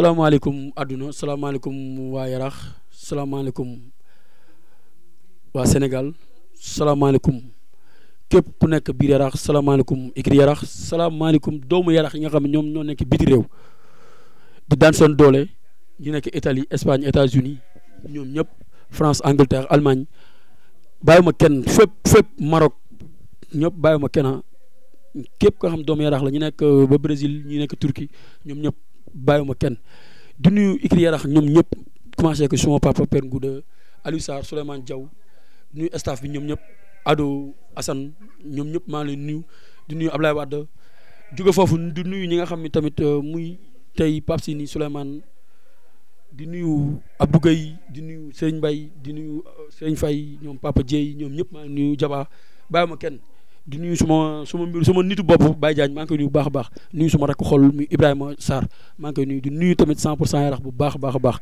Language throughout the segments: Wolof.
salaamaaleykum àdduna salaamaaleykum waa Yarax salaamaaleykum waa Sénégal salaamaaleykum képp ku nekk biir Yarax salaamaaleykum ikri Yarax salaamaaleykum doomu Yarax yi nga xam ne ñoom ñoo nekk biti réew di daan doole ñu nekk Italie Espagne États-Unis ñoom ñëpp France Angleterre Allemagne bàyyiwuma kenn fépp fépp Maroc ñëpp bàyyiwuma kenn képp koo xam doomu Yarax la ñu nekk euh, ba Brésil ñu nekk Turquie ñoom ñëpp. ma kenn di nuyu Ikri Yarax ñoom ñëpp commencé ko suma papa Père Ngouda Aliou Sarr Souleymane Diaw nuyu staff bi ñoom ñëpp Ado assan ñoom ñëpp maa ngi leen nuyu di nuyu Ablaye Wade jóge foofu di nuyu ñi nga xam ne tamit euh, muy tey Pape Sini Souleymane di nuyu Abdou Gueye di nuyu Serigne Mbaye di nuyu euh, Serigne fay ñoom Papa Dieye ñoom ñëpp maa ngi nuyu Jaba bàyyiwuma kenn. di nuyu suma suma mbir suma nitu bopp Baye Diagne maa ngi koy nuyu bu baax a baax nuyu suma rakk xol mi saar Sarr maa ngi koy nuyu di nuyu tamit 100 pour cent bu baax a a baax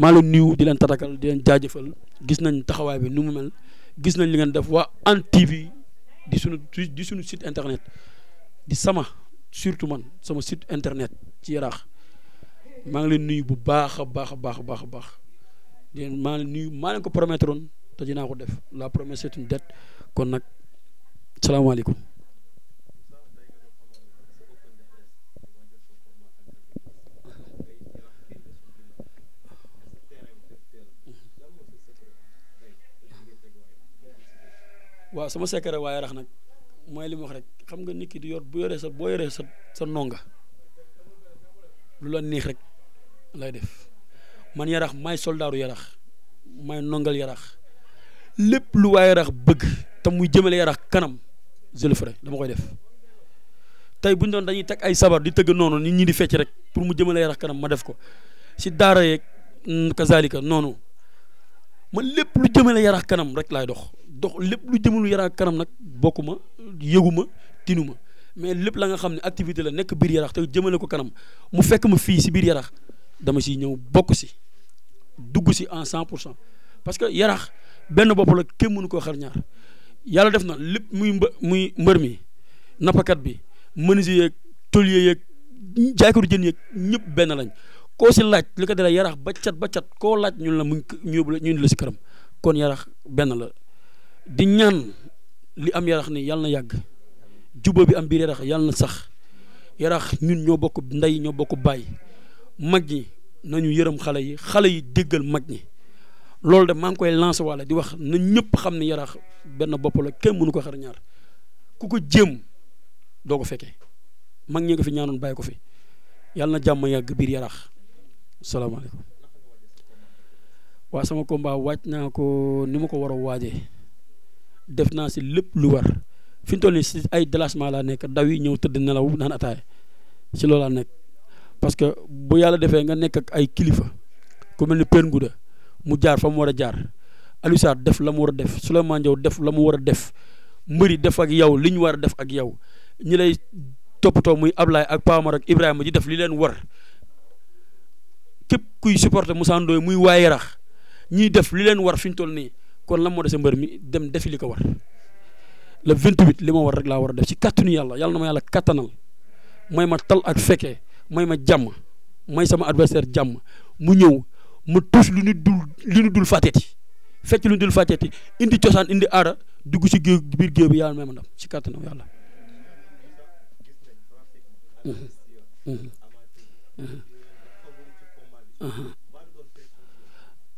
maa leen di leen tatakal di leen jaajafal gis nañ taxawaay bi nu mu mel gis nañ li ngeen def waa en TV di sunu di sunu site internet di sama surtout man sama sit internet ci Yarax maa ngi leen nuyu bu baax baax a baax a baax a baax di maa leen nuyu maa leen ko promettre woon te dinaa ko def la promesse c'est det kon nag. salaamaaleykum. waaw sama secret waaye rax nag mooy li mu wax rek xam nga nit ki di yor bu yoree sa boo yoree sa sa ndonga lu la neex rek lay def man yarax may soldaaru yarax may nongal yarax lépp lu waa yarax bëgg te muy jëmale yarax kanam je le ferai dama koy def tey bu doon dañuy teg ay sabar di tëgg noonu nit ñi di fecc rek pour mu jëmale yarax kanam ma def ko si daara yeeg mm, kazalika noonu man lépp lu jëmale yarax kanam rek laay dox dox lépp lu jëmalu yarax kanam nag bokkuma yëguma tinuma mais lépp la nga xam ne activité la nekk biir yarax te jëmale ko kanam mu fekk ma fii si biir yarax dama si ñëw bokk si dugg si en cent pour cent parce que yarax benn bopp la kenn mënu koo xar ñaar yàlla def na lépp muy muy mbër mi nappakat bi menuisier yeeg tôlier yeeg jaaykatu jën yeeg ñëpp benn lañ koo si laaj li ko dara yarax ba cat ba cat koo laaj ñun la mu ñu yóbbu la ñu la si këram kon yarax benn la di ñaan li am yarax ni yàlla na yàgg juba bi am biir yarax yàlla na sax yarax ñun ñoo bokk ndey ñoo bokk baay mag ñi nañu yërëm xale yi xale yi déggal mag ñi lol de mang koy lancer wala di wax na ñepp xamni yara ben bop bopp la kenn mënu ko xar ñaar ku ko jëm do ko fekke mag ñi nga fi ñaanon bay ko fi yalla na jàmm yàgg biir yaraax alaykum wa sama combat wacc na ko ni ko waro waje def na ci lepp lu war fi ñu ci ay déplacement la nek daw yi ñew teud nelaw naan ataaya si loolu laa parce que bu yalla defé nga nek ak ay kilifa ku melni Père mu jaar fa mu war a jaar Alioune Sarr def la mu war a def Souleymane Diaw def la mu war a def mbëri def ak yow li ñu war a def ak yow ñi lay toppatoo muy ablaay ak Paamar ak Ibrahima ji def li leen war képp kuy supporte Moussa Ndoye muy waaye Yarax ñiy def li leen war fi ñu toll nii kon la moo dese mbër mi dem defi li ko war le 28 li ma war rek laa war a def si kàttanu yàlla yàlla na ma yàlla kàttanal may ma tal ak fekkee may ma jàmm may sama adversaire jàmm lu ñu dul fàtteeti fecc lu ñu dul fàtteeti indi cosaan indi aara dugg ci géew biir géew bi yàlla may ma ndam ci kàttanam yàlla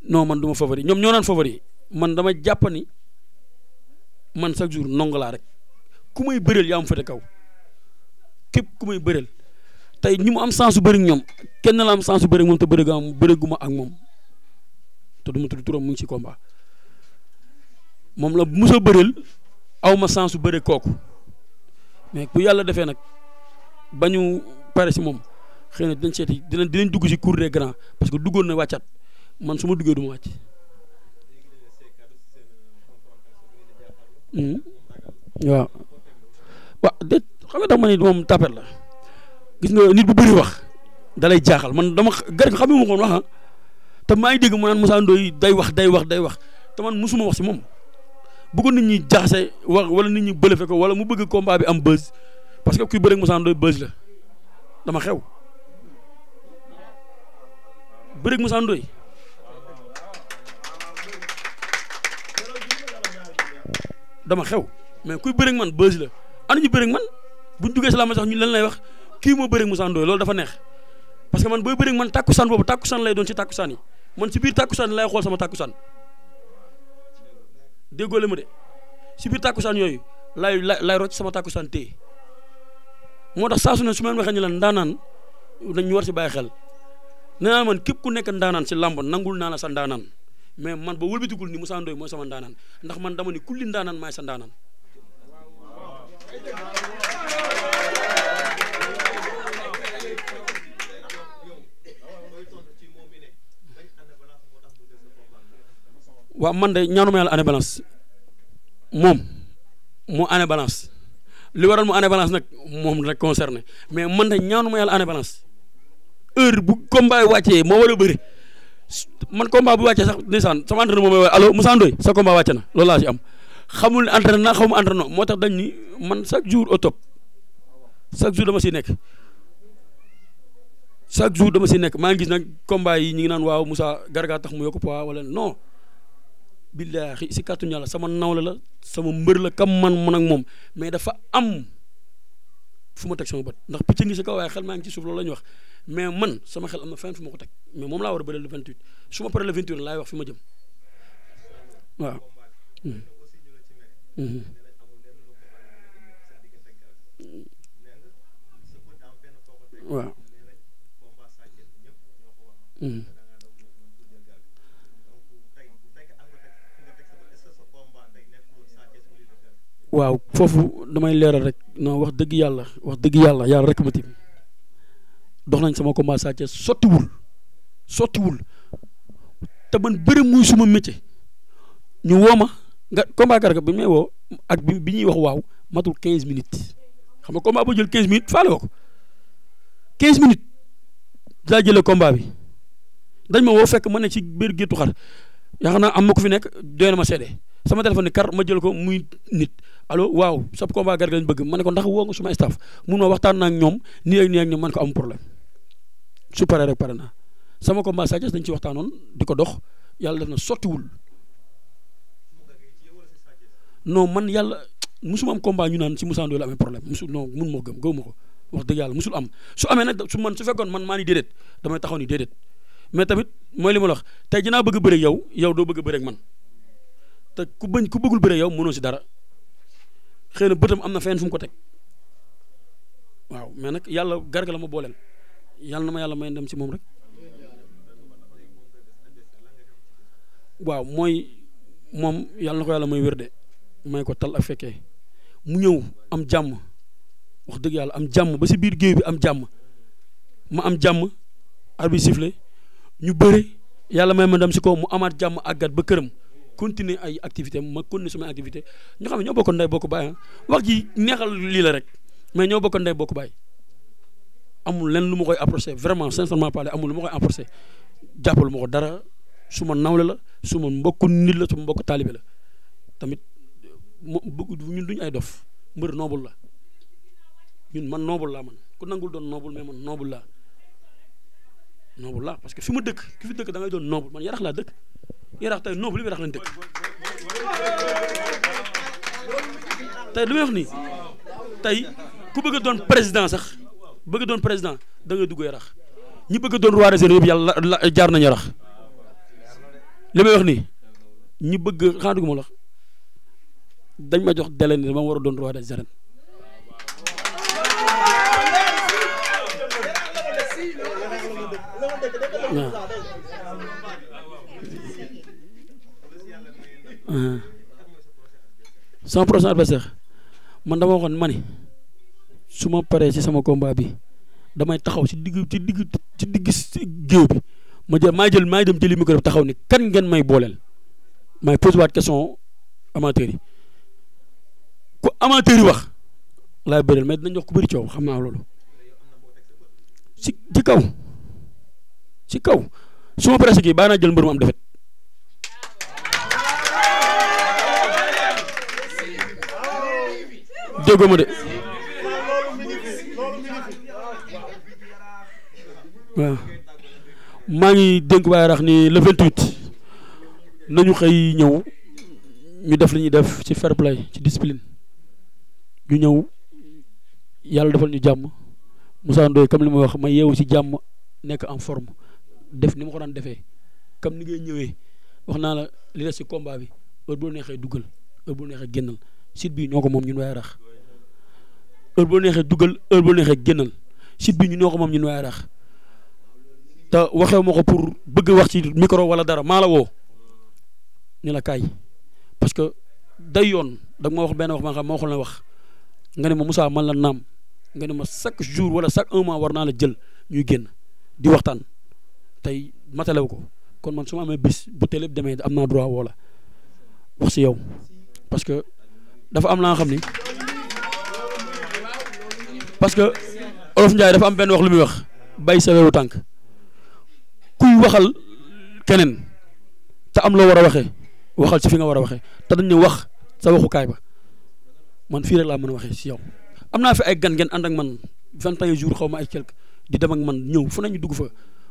non man duma ma favori ñoom ñoo naan favori man dama jàpp ni man chaque jour nongu laa rek ku may bëreel yaa am fete kaw képp ku may bëreel tey ñi mu am sens su ñoom kenn la am sens su bëri moom te bëri gu ma ak moom te du ma tudd turam mu ngi ci combat moom la musa bareel aw ma sens su bëre kooku mais bu yàlla defee nag bañu pare si moom xëy na dinañ seeti dinañ dinañ dugg si cour de grands parce que duggoon na wàccaat man suma ma duggee du ma wàcc. Hmm? waaw waaw déet ma ni moom la gis nga nit bu bëri wax dalay jaaxal man dama gërëm xam nga ma ko wax te maa ngi dégg mu naan musaandooy Ndoye day wax day wax day wax te man musuma wax si moom bëggoon nit ñi jaxase wax wala nit ñi bëlëfe ko wala mu bëgg combat bi am buzz parce que kuy bëreeg Moussa Ndoye buzz la dama xew bëreeg Moussa Ndoye dama xew mais kuy bëreeg man buzz la ana ñu bëreeg man buñ duggee si laa ma sax ñu lan lay wax kii moo bëreeg Moussa Ndoye loolu dafa neex parce que man booy bëreeg man tàkkusaan boobu tàkkusaan lay doon ci tàkkusaan yi man si biir tàkkusaan lay xool sama tàkkusaan déggoo la ma de si biir tàkkusaan yooyu lay lay lay rocc sama tàkkusaan téye moo tax saa su ne su ma leen waxee ñu la ndaanaan dañu war si bàyyi xel nee naa man képp ku nekk ndaanaan si làmb nangul naa la sa ndaanaan mais man ba wëlbatigul ni Moussa Ndoye mooy sama ndaanaan ndax man dama ni kulli ndaanaan maay waaw man de ñaanuma yàlla année balance moom mu année balance li waral mu année balance nag moom la concerné mais man de ñaanuma yàlla année balance heure bu combat yi wàccee moo war a bëri man combat bu wàccee sax ndeysaan sama entraîneur moom mooy waaye allo Moussa Ndoye sa combat wàcce na loolu laa ci am xamul ne entraîné naa xamul entraîné moo tax dañ ni man chaque jour au top chaque jour dama si nekk chaque jour dama si nekk maa ngi gis nag combat yi ñu ngi naan waaw musa Garga mu yokk poids billaahi si kàttuñu yàlla sama nawle la sama mbër la kam man man nag moom mais dafa am fu ma teg sama bët ndax picc ngi si kaw waaye xel maa ngi ci suuf loolu la ñu wax mais man sama xel am na fenn fu ma ko teg mais moom laa war a bëri le 28 su ma paree le laa laay wax fi ma jëm waaw. Mhm. Mhm. Mhm. waaw foofu damay leeral rek non wax dëgg yàlla wax dëgg yàlla yàlla rek ma tim dox nañ sama combat Sa Thiès sottiwul sottiwul te man bëri muy suma métier ñu woo ma nga combat garga bi may woo ak bi bi ñuy wax waaw matul 15 minutes xam nga combat ba jël 15 minutes faale ko 15 minutes daa jëlee combat bi dañ ma woo fekk ma ne ci biir géttu xar yaa xam naa am ma ko fi nekk doy ma seede sama téléphone ni kar ma jël ko muy nit allo waaw sab combat gar lañ bëgg mané ko ndax wo nga suma staff mun waxtaan nak ñom ni ak ak man ko am problème su paré rek sama combat Sa Thiès dañ ci waxtaanon diko dox yalla def na wul non man yalla musuma am combat ñu naan ci musa Ndoye la problème musu non mën mo gëm gëw mako wax dëgg yalla musul am su amé nak su man su fekkon man mani ni déedéet damay taxaw ni déedéet mais tamit moy limu yau, wax tay dina bëgg bëre yow yow do bëgg bëre ak man te ku bëñ ku bëggul bëre yow mënoo ci dara xeyna na amna fen fum ko tek waaw mais nak yalla garga ma booleel yalla na ma yàlla may ndem ci mom rek waaw moy mom yalla nako yalla may werde may ko tal ak mu ñew am jam, wax deug yalla am jam, ba ci biir geew bi am jam, ma am jam, arbi sifflé ñu bëre yalla may ma ndem si ko mu amat jàmm agat ba kërëm continuer ay activité am ma continuer sama activité ñu xam ne ñoo bokkoon ndey bokk baay ah. wax ji neexal lii la rek mais ñoo bokkoon ndey bokk baay amul lenn lu ma koy approché vraiment sincèrement parlé amul lu ma koy approché jàppalu ko dara suma ma nawle la su ma mbokku nit mbokku taalibe la tamit ñun duñu ay dof mbër noobul la ñun man noobul laa man ku nangul doon noobul mais man noobul la noobul laa parce que fi ma dëkk ki fi dëkk da ngay doon noobul man yarax laa dëkk yaraax tey noobu lu yaraax lañ dëkk tey li may wax nii tey ku bëgg a doon président sax bëgg a doon président da ngay dugg yaraax ñi bëgg doon roi des arènes yëpp yàlla la jaar nañ yaraax li may wax nii ñi bëgg xanaa dugg ma la dañ ma jox délai ni war a doon roi des arènes cent pour cent adversaire man dama waxoon ma ni su ma paree ci sama combat bi damay taxaw ci digg ci digg ci digg géew bi ma jël maa jël maa jëm jëli micro bi taxaw ni kan ngeen may booleel may pose waat question amateurs yi ku amateurs yi wax laay bëreel mais dinañ wax ku bëri xam naa loolu ci ci kaw ci kaw su ma paree ci kii naa jël mbër mu am defet déggoo ma de waaw maa ngi dénk waa Yaraax ni le 28 nañu xëy ñëw ñu def li ñuy def ci fair play ci discipline ñu ñëw yàlla defal ñu jàmm musaan Ndoye comme li ma wax ma yeewu ci jàmm nekk en forme def ni ma ko daan defee comme ni ngay ñëwee wax naa la li des ci combat bi heure bu neexee duggal heure bu neexee génnal site bi ñoo ko moom ñun waa Yaraax heure boo neexee dugal heure boo neexee génnal si bi ñu noo ko moom nu waa Yaraax te waxee ma ko pour bëgg wax ci micro wala dara maa la woo ñu la kaay parce que day yoon da ma wax benn wax ma xam ma wax nga ne ma Moussa man la naam nga ne ma chaque jour wala chaque un mois war naa la jël ñuy génn di waxtaan tey matalew ko kon man su amee bis bu teel lépp demee am naa droit wala wax si yow parce dafa am la xam ni. parce que olof Ndiaye dafa am benn wax lu muy wax bay sa weeru tànk kuy waxal keneen te am loo war a waxee waxal ci fi nga war a waxee te dañ ne wax sa waxukaay ba man fii rek laa mën a waxee si yow. am naa fi ay gan ngeen ànd ak man vingt et un jours xaw ma ay quelque di dem ak man ñëw fu nañ dugg fa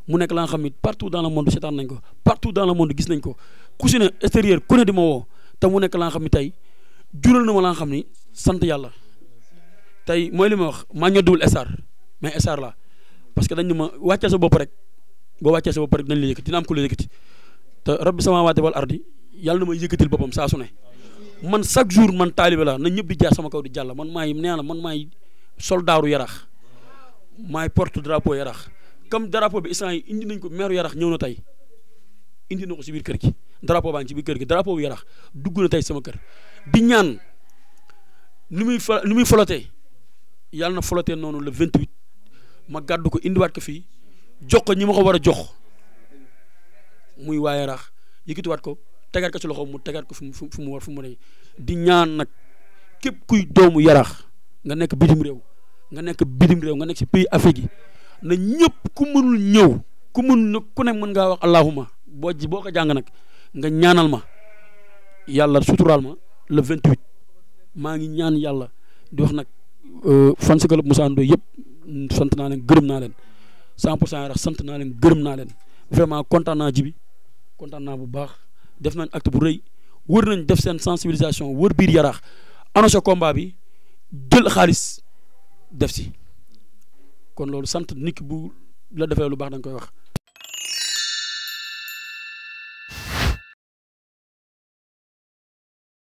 mu nekk la xam ne partout dans le monde seetaan nañ ko partout dans la monde gis nañ ko ku si ne extérieur ku ne di ma woo te mu nekk la nga xam ne tey jural na ma la xam ni sant yàlla. tey mooy li ma wax maa ñodduwul star mais star la parce que dañ ne ma wàccee sa bopp rek boo wàccee sa bopp rek dañ la yëkkati dina am ku la yëkkati te rabbi samaawaati wal ardi yàlla na may yëkkatil boppam saa su man chaque jour man taalibe la na ñëpp di jaar sama kaw di jàll man maay nee na man maay soldaaru yarax maay porte drapeau yarax comme drapeau bi instant yi indi nañ ko meeru yarax ñëw na tey indi na ko si biir kër gi drapeau baa ngi ci kër gi drapeau bi yarax dugg na tey sama kër di ñaan nu muy fa nu muy folotee yàlla na folotee noonu le 28 ma gàddu ko indiwaat ko fii jox ko ñi ma ko war a jox muy waaye raax yëkkatiwaat ko tegaat ko ci loxo mu tegaat ko fu mu fu mu war fu mu ne di ñaan nag képp kuy doomu yaraax nga nekk bitim réew nga nekk bitim réew nga nekk ci pays Afrique yi na ñëpp ku mënul ñëw ku mën na ku ne mën ngaa wax allahuma boo ji boo ko jàng nag nga ñaanal ma yàlla suturaal ma le 28 maa ngi ñaan yàlla di wax nag. Euh, fan si club Moussa Ndoye yëpp sant naa leen gërëm naa leen cent pour cent rax sant naa leen gërëm naa leen vraiment kontaan naa ji bi kontaan naa bu baax def nañ acte bu rëy wër nañ def seen sensibilisation wër biir yaraax annoncé combat bi dël xaalis def si kon loolu sant nikk bu la defee lu baax da koy wax